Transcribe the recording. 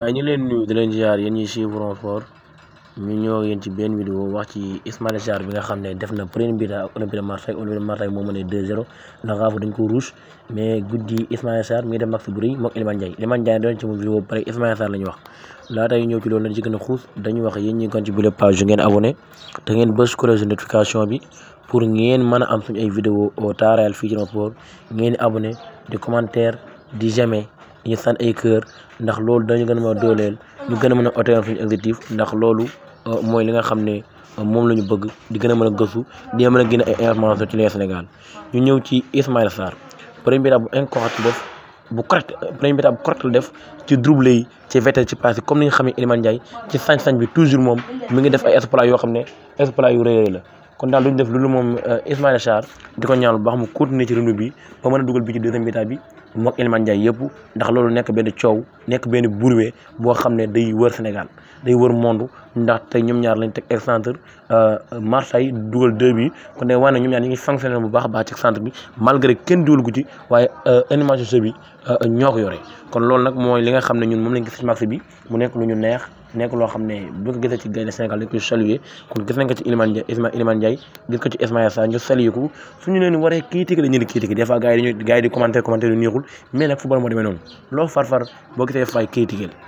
waaye ñu leen nuyu di leen ziar yéen ñi suivre en ñu ñëw yéen ci benn vidéo wax ci Ismaïla Sarr bi nga xam ne def na premier but ak Olympique de Marseille Olympique de Marseille moo mën a 2 dañ ko rouge mais guddi Ismaïla Sarr mi ngi def max bu rëy moog Iliman Ndiaye Iliman Ndiaye doon ci moom vidéo pare Ismaïla Sarr la ñu wax laata ñu ñëw ci loolu nag ci gën a xuus dañuy wax yéen ñi kon ci bile page ngeen abonné te ngeen bës bi pour ngeen mën a am suñu ay vidéo au temps réel fii ci sport ngeen di commentaire di jamais ñu san ay kër ndax loolu dañu gën a mën a dooleel ñu gën a euh, mooy li nga xam ne euh, moom la bëgg di gën a mën a gëstu di a gën a ay information ci ñu ñëw ci Ismaïla Sarr premier étape bu incorrect def bu correct premier étape bu correct la def ci dribble yi ci vétel ci passe comme ni nga xam ne Iliman Ndiaye ci sañ-sañ bi moom mi ngi def ay exploit yoo xam ne exploit yu rëy la kon daal ñu def loolu moom euh, Ismaïla Sarr di ko ñaan bu baax mu continuer ci rendu bi ba mën a dugal bi ci deuxième état bi moog Iliman Ndiaye yëpp ndax loolu nekk benn coow nekk benn bourwee boo xam ne day wër Sénégal day wër monde ndax tey ñoom ñaar lañ teg excentre euh, Marseille dugal deux bi kon day wane ñoom ñaar ñi ngi sanctionné bu baax a baax ci centre bi malgré kenn dugal gu ci waaye euh, animation bi ñoo ko yore kon loolu nag mooy li nga xam ne ñun moom lañ gis ci bi mu nekk lu ñu neex nekk loo xam ne bu ko gisee ci gaynde Sénégal dañ koy saluer kon gis nañ ko ci Iliman Ndiaye Isma gis ko ci Ismaïla Sarr ñu saluer ko suñu leen waree critiquer dañu leen critiquer des fois gars yi dañuy di commenter commenter lu neexul mais nag football moo demee noonu loo far far boo gisee fay critiquer